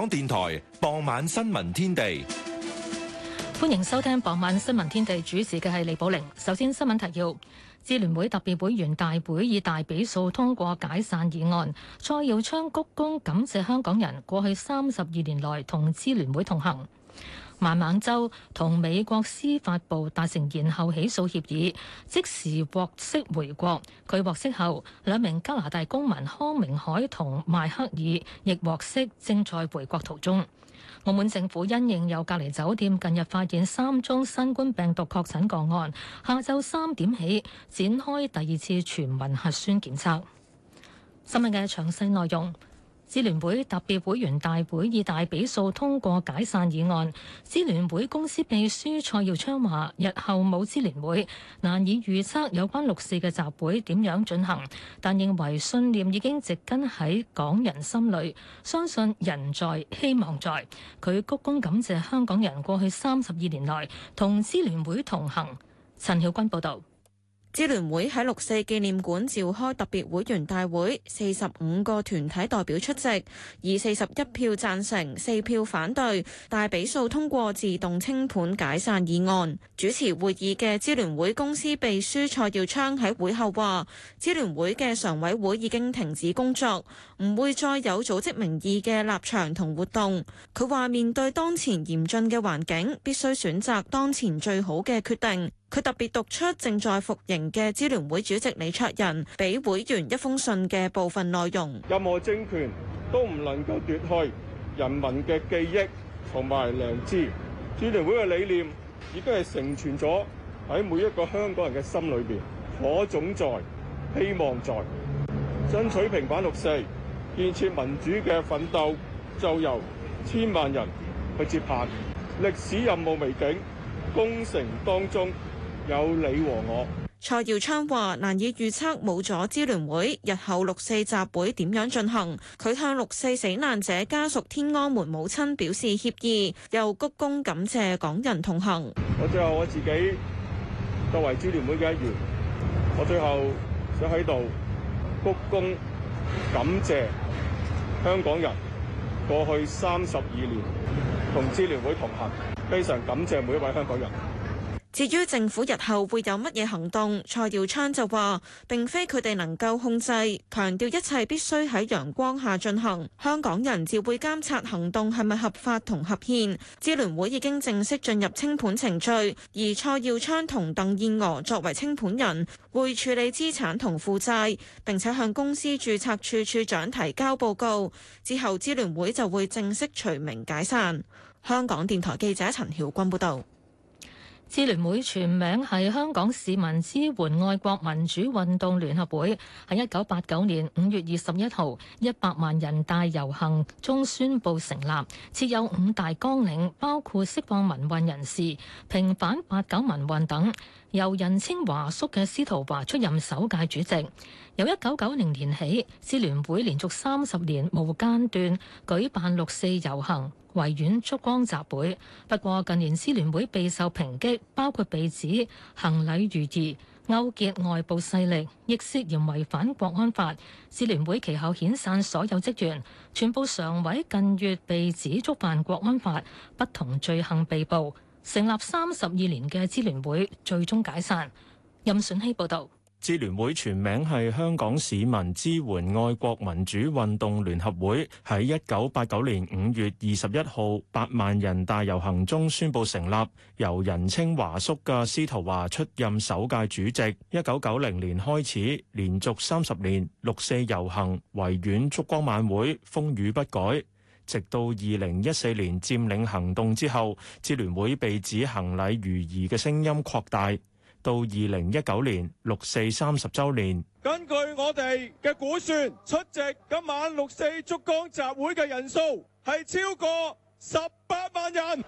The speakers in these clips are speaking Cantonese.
香港電台傍晚新聞天地，歡迎收聽傍晚新聞天地。主持嘅係李寶玲。首先，新聞提要：支聯會特別會員大會以大比數通過解散議案。蔡耀昌鞠躬感謝香港人過去三十二年來同支聯會同行。孟晚舟同美國司法部達成延後起訴協議，即時獲釋回國。佢獲釋後，兩名加拿大公民康明凱同邁克爾亦獲釋，正在回國途中。澳門政府因應有隔離酒店近日發現三宗新冠病毒確診個案，下晝三點起展開第二次全民核酸檢測。新聞嘅詳細內容。支聯會特別會員大會以大比數通過解散議案。支聯會公司秘書蔡耀昌話，日後冇支聯會，難以預測有關六四嘅集會點樣進行，但認為信念已經植根喺港人心裡，相信人在希望在。佢鞠躬感謝香港人過去三十二年來同支聯會同行。陳曉君報導。支聯會喺六四紀念館召開特別會員大會，四十五個團體代表出席，以四十一票贊成、四票反對，大比數通過自動清盤解散議案。主持會議嘅支聯會公司秘書蔡耀昌喺會後話：支聯會嘅常委會已經停止工作。唔會再有組織名義嘅立場同活動。佢話：面對當前嚴峻嘅環境，必須選擇當前最好嘅決定。佢特別讀出正在服刑嘅支聯會主席李卓人俾會員一封信嘅部分內容。任何政權都唔能夠奪去人民嘅記憶同埋良知。支聯會嘅理念亦都係承傳咗喺每一個香港人嘅心裏邊，火種在，希望在，爭取平反六四。建設民主嘅奮鬥就由千萬人去接棒，歷史任務未竟，功成當中有你和我。蔡耀昌話難以預測冇咗支聯會日後六四集會點樣進行，佢向六四死難者家屬、天安門母親表示歉意，又鞠躬感謝港人同行。我最後，我自己作為支聯會嘅一員，我最後想喺度鞠躬。感謝香港人過去三十二年同支聯會同行，非常感謝每一位香港人。至於政府日後會有乜嘢行動，蔡耀昌就話：並非佢哋能夠控制，強調一切必須喺陽光下進行。香港人自會監察行動係咪合法同合憲。支聯會已經正式進入清盤程序，而蔡耀昌同鄧燕娥作為清盤人，會處理資產同負債，並且向公司註冊處處長提交報告。之後，支聯會就會正式除名解散。香港電台記者陳曉君報導。支聯會全名係香港市民支援愛國民主運動聯合會，喺一九八九年五月二十一號一百萬人大遊行中宣布成立，設有五大綱領，包括釋放民運人士、平反八九民運等。由人稱華叔嘅司徒華出任首屆主席。由一九九零年起，支聯會連續三十年無間斷舉辦六四遊行。維園燭光集會，不過近年支聯會備受抨擊，包括被指行禮如儀、勾結外部勢力，亦涉嫌違反國安法。支聯會其後遣散所有職員，全部常委近月被指觸犯國安法，不同罪行被捕。成立三十二年嘅支聯會最終解散。任選希報道。智聯會全名係香港市民支援愛國民主運動聯合會，喺一九八九年五月二十一號八萬人大遊行中宣布成立，由人稱華叔嘅司徒華出任首屆主席。一九九零年開始，連續三十年六四遊行、維園、燭光晚會，風雨不改，直到二零一四年佔領行動之後，智聯會被指行禮如儀嘅聲音擴大。到二零一九年六四三十周年，根據我哋嘅估算，出席今晚六四燭光集會嘅人數係超過十八萬人。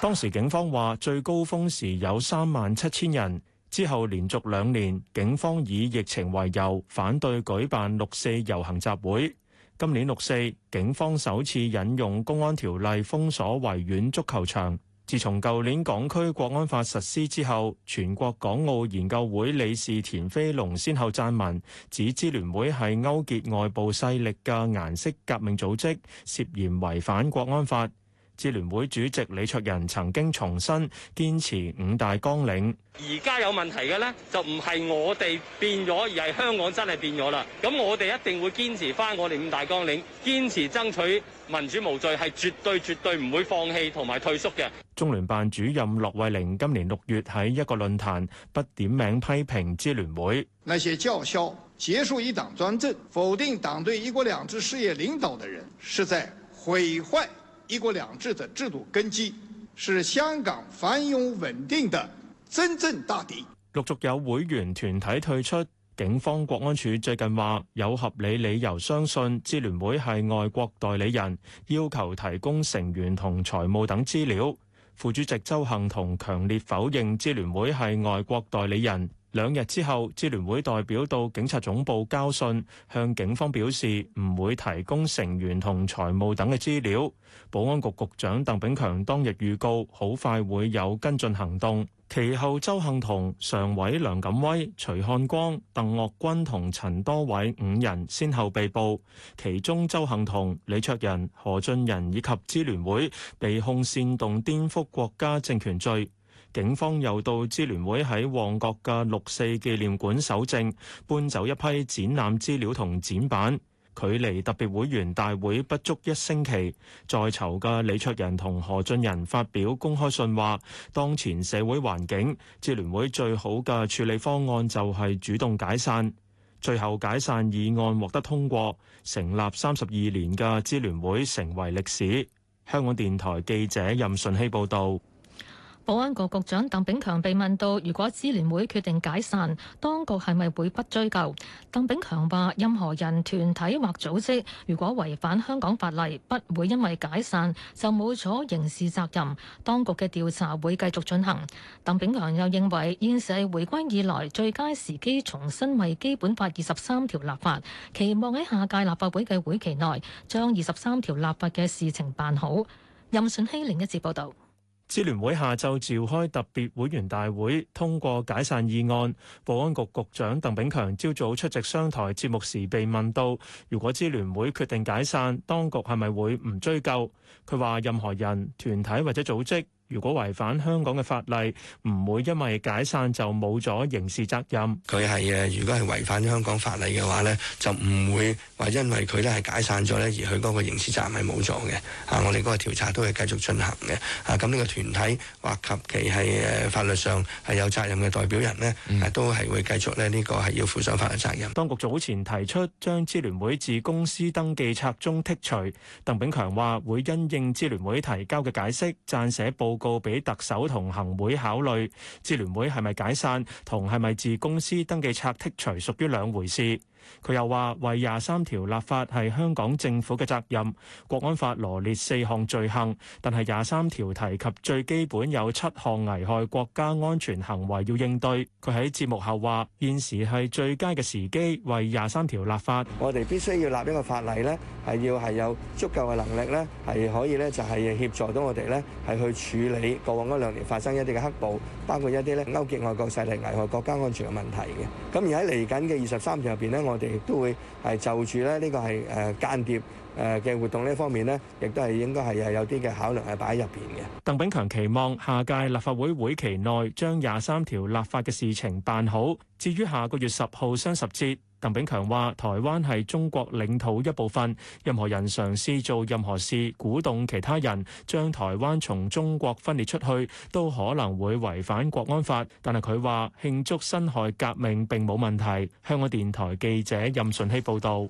當時警方話最高峰時有三萬七千人，之後連續兩年警方以疫情為由反對舉辦六四遊行集會。今年六四，警方首次引用公安條例封鎖維園足球場。自從舊年港區國安法實施之後，全國港澳研究會理事田飛龍先後撰文，指支聯會係勾結外部勢力嘅顏色革命組織，涉嫌違反國安法。致聯會主席李卓人曾經重申堅持五大綱領，而家有問題嘅呢，就唔係我哋變咗，而係香港真係變咗啦。咁我哋一定會堅持翻我哋五大綱領，堅持爭取民主無罪，係絕對絕對唔會放棄同埋退縮嘅。中聯辦主任駱惠寧今年六月喺一個論壇不點名批評支聯會，那些叫囂結束一黨專政、否定黨對一國兩制事業領導嘅人，是在毀壞。一國兩制的制度根基，是香港繁榮穩定的真正大敵。陸續有會員團體退出，警方國安處最近話有合理理由相信支聯會係外國代理人，要求提供成員同財務等資料。副主席鄒幸彤強烈否認支聯會係外國代理人。兩日之後，支聯會代表到警察總部交信，向警方表示唔會提供成員同財務等嘅資料。保安局局長鄧炳強當日預告，好快會有跟進行動。其後，周幸彤、常委梁錦威、徐漢光、鄧岳君同陳多偉五人，先後被捕。其中，周幸彤、李卓人、何俊仁以及支聯會被控煽動顛覆國家政權罪。警方又到支聯會喺旺角嘅六四紀念館搜證，搬走一批展覽資料同展板。距離特別會員大會不足一星期，在囚嘅李卓人同何俊仁發表公開信話，當前社會環境，支聯會最好嘅處理方案就係主動解散。最後解散議案獲得通過，成立三十二年嘅支聯會成為歷史。香港電台記者任順希報導。保安局局長鄧炳強被問到，如果支聯會決定解散，當局係咪會不追究？鄧炳強話：任何人團體或組織，如果違反香港法例，不會因為解散就冇咗刑事責任。當局嘅調查會繼續進行。鄧炳強又認為，現時係回歸以來最佳時機，重新為基本法二十三條立法，期望喺下屆立法會嘅會期內，將二十三條立法嘅事情辦好。任信希，另一節報道。支聯會下晝召開特別會員大會，通過解散議案。保安局局長鄧炳強朝早出席商台節目時被問到，如果支聯會決定解散，當局係咪會唔追究？佢話任何人、團體或者組織。如果違反香港嘅法例，唔會因為解散就冇咗刑事責任。佢係誒，如果係違反香港法例嘅話咧，就唔會話因為佢咧係解散咗咧，而佢嗰個刑事責任係冇咗嘅。啊，我哋嗰個調查都係繼續進行嘅。啊，咁呢個團體或及其係誒法律上係有責任嘅代表人咧，誒都係會繼續咧，呢個係要負上法律責任。當局早前提出將支聯會自公司登記冊中剔除，鄧炳強話會因應支聯會提交嘅解釋，撰寫報告。告俾特首同行會考慮，支聯會係咪解散同係咪自公司登記冊剔，剔除，屬於兩回事。佢又話：為廿三條立法係香港政府嘅責任。國安法羅列四項罪行，但係廿三條提及最基本有七項危害國家安全行為要應對。佢喺節目後話：現時係最佳嘅時機為廿三條立法，我哋必須要立一個法例呢，係要係有足夠嘅能力呢，係可以呢就係協助到我哋呢係去處理過往嗰兩年發生一啲嘅黑暴，包括一啲呢勾結外國勢力危害國家安全嘅問題嘅。咁而喺嚟緊嘅二十三條入邊呢，我我哋亦都會係就住咧，呢個係誒間諜。誒嘅活動呢方面呢，亦都係應該係係有啲嘅考慮係擺喺入邊嘅。鄧炳強期望下屆立法會會期內將廿三條立法嘅事情辦好。至於下個月十號雙十節，鄧炳強話台灣係中國領土一部分，任何人嘗試做任何事鼓動其他人將台灣從中國分裂出去，都可能會違反國安法。但係佢話慶祝辛亥革命並冇問題。香港電台記者任順熙報導。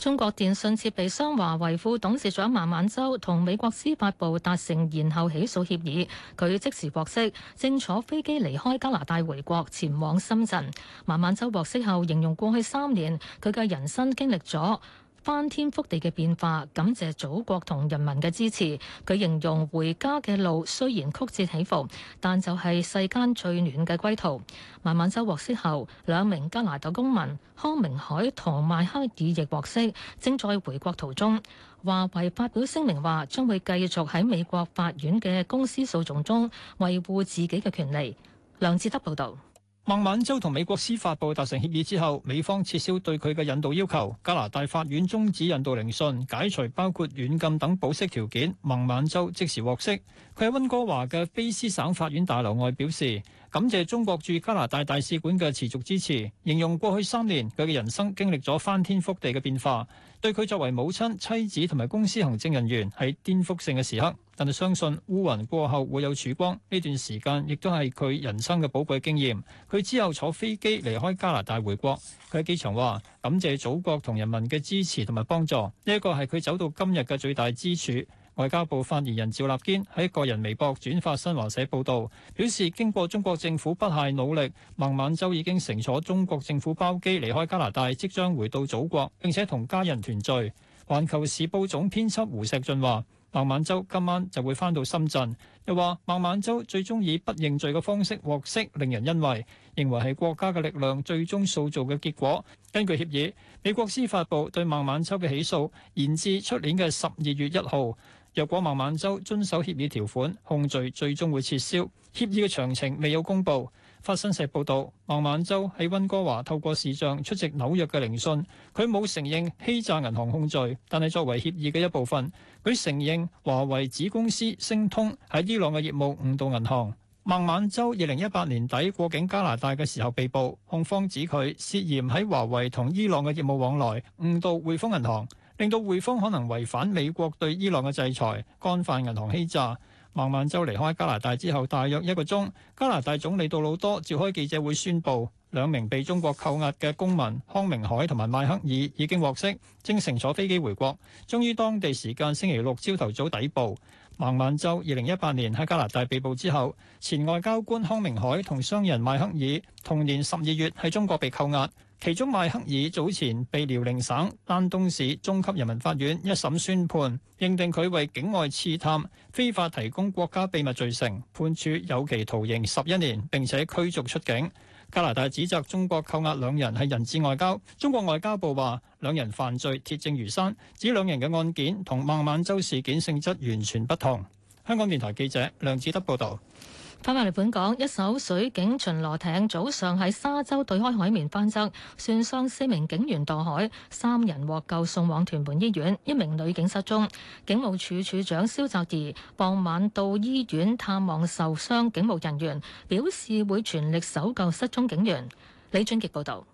中國電信設備商華為副董事長孟晚舟同美國司法部達成延後起訴協議，佢即時獲釋，正坐飛機離開加拿大回國，前往深圳。孟晚舟獲釋後形容過去三年佢嘅人生經歷咗。翻天覆地嘅變化，感謝祖國同人民嘅支持。佢形容回家嘅路雖然曲折起伏，但就係世間最暖嘅歸途。孟晚舟獲釋後，兩名加拿大公民康明凱同邁克爾亦獲釋，正在回國途中。華為發表聲明話，將會繼續喺美國法院嘅公司訴訟中維護自己嘅權利。梁志德報道。孟晚舟同美國司法部達成協議之後，美方撤銷對佢嘅引渡要求。加拿大法院終止引渡聆訊，解除包括軟禁等保釋條件，孟晚舟即時獲釋。佢喺溫哥華嘅卑詩省法院大樓外，表示感謝中國駐加拿大大使館嘅持續支持，形容過去三年佢嘅人生經歷咗翻天覆地嘅變化，對佢作為母親、妻子同埋公司行政人員係顛覆性嘅時刻。但係相信烏雲過後會有曙光，呢段時間亦都係佢人生嘅寶貴經驗。佢之後坐飛機離開加拿大回國，佢喺機場話感謝祖國同人民嘅支持同埋幫助，呢一個係佢走到今日嘅最大支柱。外交部發言人趙立堅喺個人微博轉發新華社報導，表示經過中國政府不懈努力，孟晚舟已經乘坐中國政府包機離開加拿大，即將回到祖國並且同家人團聚。《環球時報》總編輯胡錫進話。孟晚舟今晚就會返到深圳，又話孟晚舟最終以不認罪嘅方式獲釋，令人欣慰，認為係國家嘅力量最終塑造嘅結果。根據協議，美國司法部對孟晚舟嘅起訴延至出年嘅十二月一號。若果孟晚舟遵守協議條款，控罪最終會撤銷。協議嘅詳情未有公佈。法新社報導，孟晚舟喺溫哥華透過視像出席紐約嘅聆訊，佢冇承認欺詐銀行控罪，但係作為協議嘅一部分，佢承認華為子公司星通喺伊朗嘅業務誤導銀行。孟晚舟二零一八年底過境加拿大嘅時候被捕，控方指佢涉嫌喺華為同伊朗嘅業務往來誤導匯豐銀行，令到匯豐可能違反美國對伊朗嘅制裁，干犯銀行欺詐。孟晚舟離開加拿大之後大約一個鐘，加拿大總理杜魯多召開記者會宣佈，兩名被中國扣押嘅公民康明凱同埋邁克爾已經獲釋，正乘坐飛機回國。終於當地時間星期六朝頭早抵步。孟晚舟二零一八年喺加拿大被捕之後，前外交官康明凱同商人邁克爾同年十二月喺中國被扣押。其中邁克爾早前被遼寧省丹東市中級人民法院一審宣判，認定佢為境外刺探、非法提供國家秘密罪成，判處有期徒刑十一年並且驅逐出境。加拿大指責中國扣押兩人係人質外交，中國外交部話兩人犯罪鐵證如山，指兩人嘅案件同孟晚舟事件性質完全不同。香港電台記者梁志德報道。翻返嚟本港，一艘水警巡邏艇早上喺沙洲對開海面翻側，船上四名警員墮海，三人獲救送往屯門醫院，一名女警失蹤。警務處處長蕭澤頤傍晚到醫院探望受傷警務人員，表示會全力搜救失蹤警員。李俊杰報道。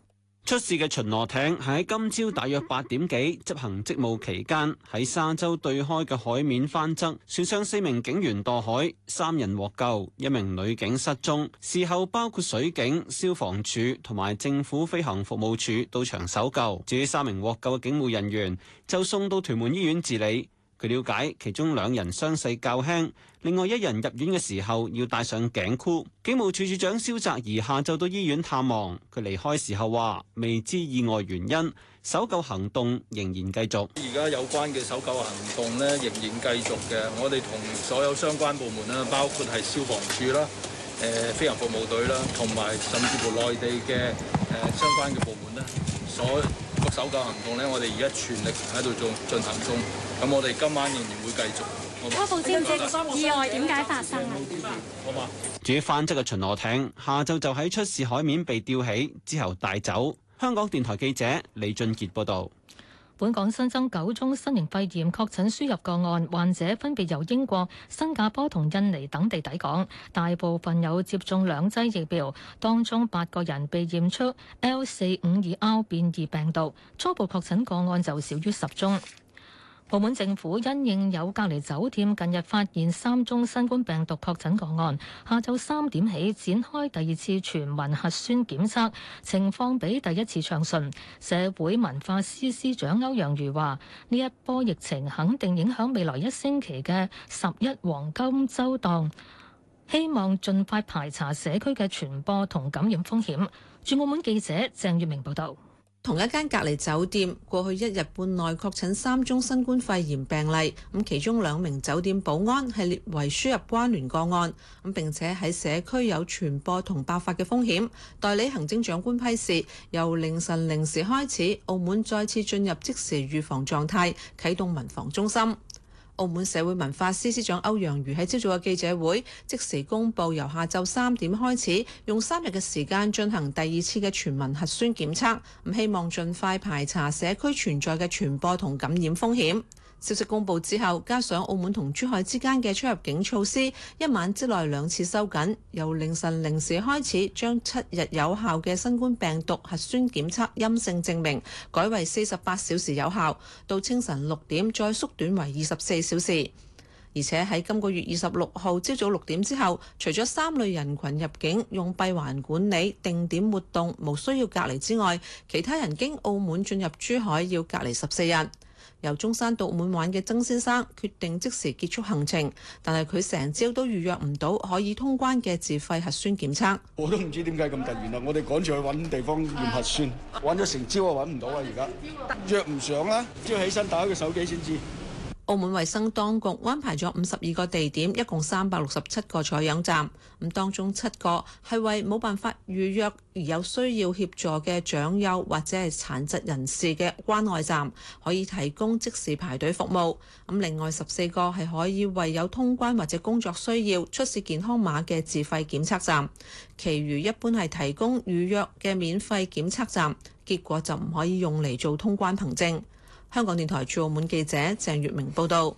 出事嘅巡邏艇喺今朝大約八點幾執行職務期間，喺沙洲對開嘅海面翻側，船上四名警員墮海，三人獲救，一名女警失蹤。事後包括水警、消防處同埋政府飛行服務處到場搜救，至於三名獲救嘅警務人員就送到屯門醫院治理。佢了解，其中兩人傷勢較輕，另外一人入院嘅時候要戴上頸箍。警務處處長蕭澤頤下晝到醫院探望，佢離開時候話未知意外原因，搜救行動仍然繼續。而家有關嘅搜救行動咧仍然繼續嘅，我哋同所有相關部門啦，包括係消防處啦、誒、呃、飛行服務隊啦，同埋甚至乎內地嘅誒、呃、相關嘅部門啦所。搜救行動咧，我哋而家全力喺度做，進行中。咁我哋今晚仍然會繼續。初步知唔知意外點解發生啊？至於翻側嘅巡邏艇，下晝就喺出事海面被吊起之後帶走。香港電台記者李俊傑報導。本港新增九宗新型肺炎確診輸入個案，患者分別由英國、新加坡同印尼等地抵港，大部分有接種兩劑疫苗，當中八個人被驗出 L 四五二 R 變異病毒，初步確診個案就少於十宗。澳門政府因應有隔離酒店近日發現三宗新冠病毒確診個案，下晝三點起展開第二次全民核酸檢測，情況比第一次暢順。社會文化司司長歐陽瑜話，呢一波疫情肯定影響未來一星期嘅十一黃金周檔，希望盡快排查社區嘅傳播同感染風險。駐澳門記者鄭月明報道。同一間隔離酒店過去一日半內確診三宗新冠肺炎病例，咁其中兩名酒店保安係列為輸入關聯個案，咁並且喺社區有傳播同爆發嘅風險。代理行政長官批示，由凌晨零時開始，澳門再次進入即時預防狀態，啟動民防中心。澳門社會文化司司長歐陽瑜喺朝早嘅記者會即時公布，由下晝三點開始，用三日嘅時間進行第二次嘅全民核酸檢測，咁希望盡快排查社區存在嘅傳播同感染風險。消息公布之後，加上澳門同珠海之間嘅出入境措施，一晚之內兩次收緊。由凌晨零時開始，將七日有效嘅新冠病毒核酸檢測陰性證明改為四十八小時有效，到清晨六點再縮短為二十四小時。而且喺今個月二十六號朝早六點之後，除咗三類人群入境用閉環管理、定點活動無需要隔離之外，其他人經澳門進入珠海要隔離十四日。由中山到澳門玩嘅曾先生決定即時結束行程，但係佢成朝都預約唔到可以通關嘅自費核酸檢測。我都唔知點解咁突然啊，我哋趕住去搵地方驗核酸，搵咗成朝啊，搵唔到啊，而家約唔上啦，朝起身打開個手機先知。澳門衛生當局安排咗五十二個地點，一共三百六十七個採樣站。咁當中七個係為冇辦法預約而有需要協助嘅長幼或者係殘疾人士嘅關愛站，可以提供即時排隊服務。咁另外十四個係可以為有通關或者工作需要出示健康碼嘅自費檢測站，其餘一般係提供預約嘅免費檢測站，結果就唔可以用嚟做通關憑證。香港電台駐澳門記者鄭月明報道。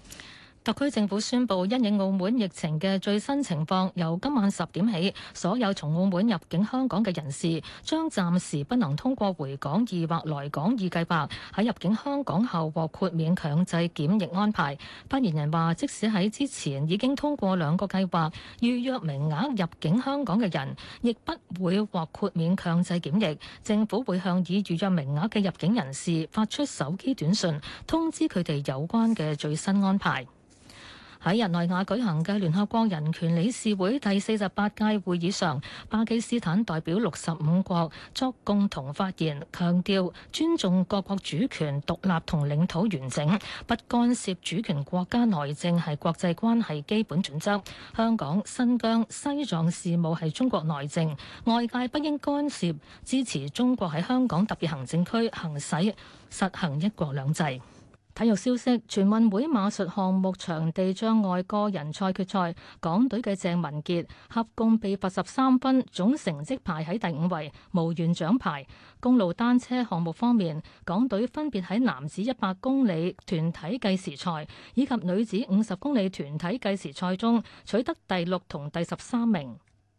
特區政府宣布，因應澳門疫情嘅最新情況，由今晚十點起，所有從澳門入境香港嘅人士將暫時不能通過回港易或來港易計劃喺入境香港後獲豁免強制檢疫安排。發言人話，即使喺之前已經通過兩個計劃預約名額入境香港嘅人，亦不會獲豁免強制檢疫。政府會向已預約名額嘅入境人士發出手機短信通知佢哋有關嘅最新安排。喺日內瓦舉行嘅聯合國人權理事會第四十八屆會議上，巴基斯坦代表六十五國作共同發言，強調尊重各國主權、獨立同領土完整，不干涉主權國家內政係國際關係基本準則。香港、新疆、西藏事務係中國內政，外界不應干涉，支持中國喺香港特別行政區行使實行一國兩制。體育消息：全運會馬術項目場地障礙個人賽決賽，港隊嘅鄭文傑合共被罰八十三分，總成績排喺第五位，無緣獎牌。公路單車項目方面，港隊分別喺男子一百公里團體計時賽以及女子五十公里團體計時賽中取得第六同第十三名。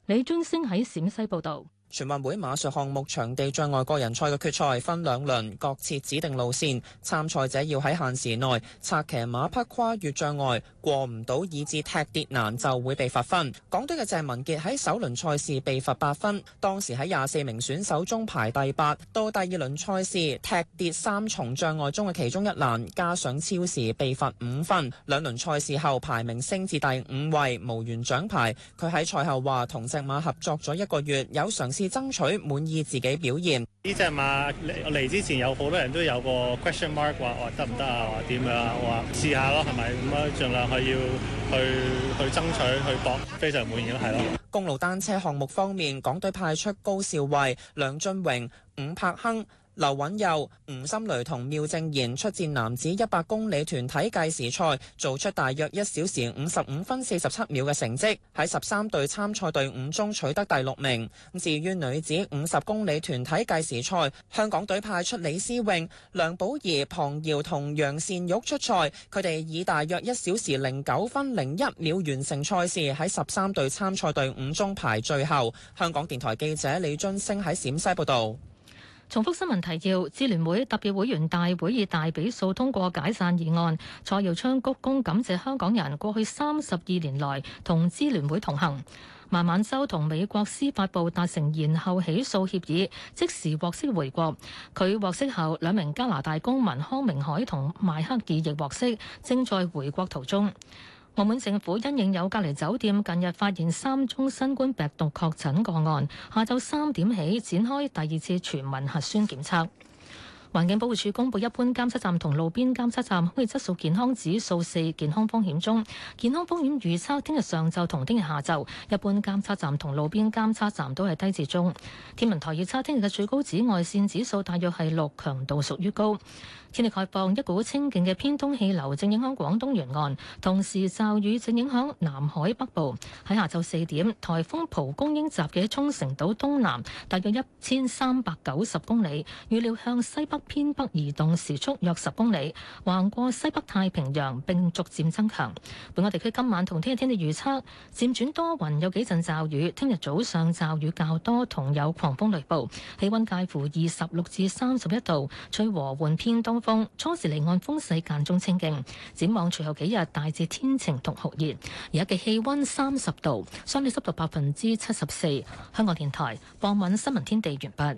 李尊星喺陝西報道。全運會馬術項目場地障礙個人賽嘅決賽分兩輪，各設指定路線，參賽者要喺限時內策騎馬匹跨越障礙，過唔到以至踢跌難就會被罰分。港隊嘅鄭文傑喺首輪賽事被罰八分，當時喺廿四名選手中排第八。到第二輪賽事，踢跌三重障礙中嘅其中一欄，加上超時，被罰五分。兩輪賽事後排名升至第五位，無緣獎牌。佢喺賽後話：同隻馬合作咗一個月，有嘗試試爭取滿意自己表現。呢隻馬嚟嚟之前有好多人都有個 question mark 話：我，得唔得啊？點樣啊？我話試下咯，係咪？咁樣，盡量去要去去爭取去搏，非常滿意咯，係咯。公路單車項目方面，港隊派出高少慧、梁俊榮、伍柏亨。劉允佑、吳心雷同廖正賢出戰男子一百公里團體計時賽，做出大約一小時五十五分四十七秒嘅成績，喺十三隊參賽隊伍中取得第六名。至於女子五十公里團體計時賽，香港隊派出李思穎、梁寶儀、龐瑤同楊善玉出賽，佢哋以大約一小時零九分零一秒完成賽事，喺十三隊參賽隊伍中排最後。香港電台記者李津星喺陝西報道。重複新聞提要，支聯會特別會員大會以大比數通過解散議案。蔡耀昌鞠、鞠躬感謝香港人過去三十二年來同支聯會同行。孟晚舟同美國司法部達成延後起訴協議，即時獲釋回國。佢獲釋後，兩名加拿大公民康明凱同邁克爾亦獲釋，正在回國途中。澳門政府因應有隔離酒店近日發現三宗新冠病毒確診個案，下晝三點起展開第二次全民核酸檢測。環境保護署公布，一般監測站同路邊監測站空氣質素健康指數四，健康風險中，健康風險預測聽日上晝同聽日下晝一般監測站同路邊監測站都係低至中。天文台預測聽日嘅最高紫外線指數大約係六，強度屬於高。天氣概況：一股清勁嘅偏東氣流正影響廣東沿岸，同時驟雨正影響南海北部。喺下晝四點，颱風蒲公英集結沖繩島東南大約一千三百九十公里，預料向西北偏北移動時速約十公里，橫過西北太平洋並逐漸增強。本港地區今晚同聽日天氣預測漸轉多雲，有幾陣驟雨。聽日早上驟雨較多，同有狂風雷暴。氣温介乎二十六至三十一度，吹和緩偏東風，初時離岸風勢間中清勁。展望隨後幾日大致天晴同酷熱。而家嘅氣温三十度，相對濕度百分之七十四。香港電台傍晚新聞天地完畢。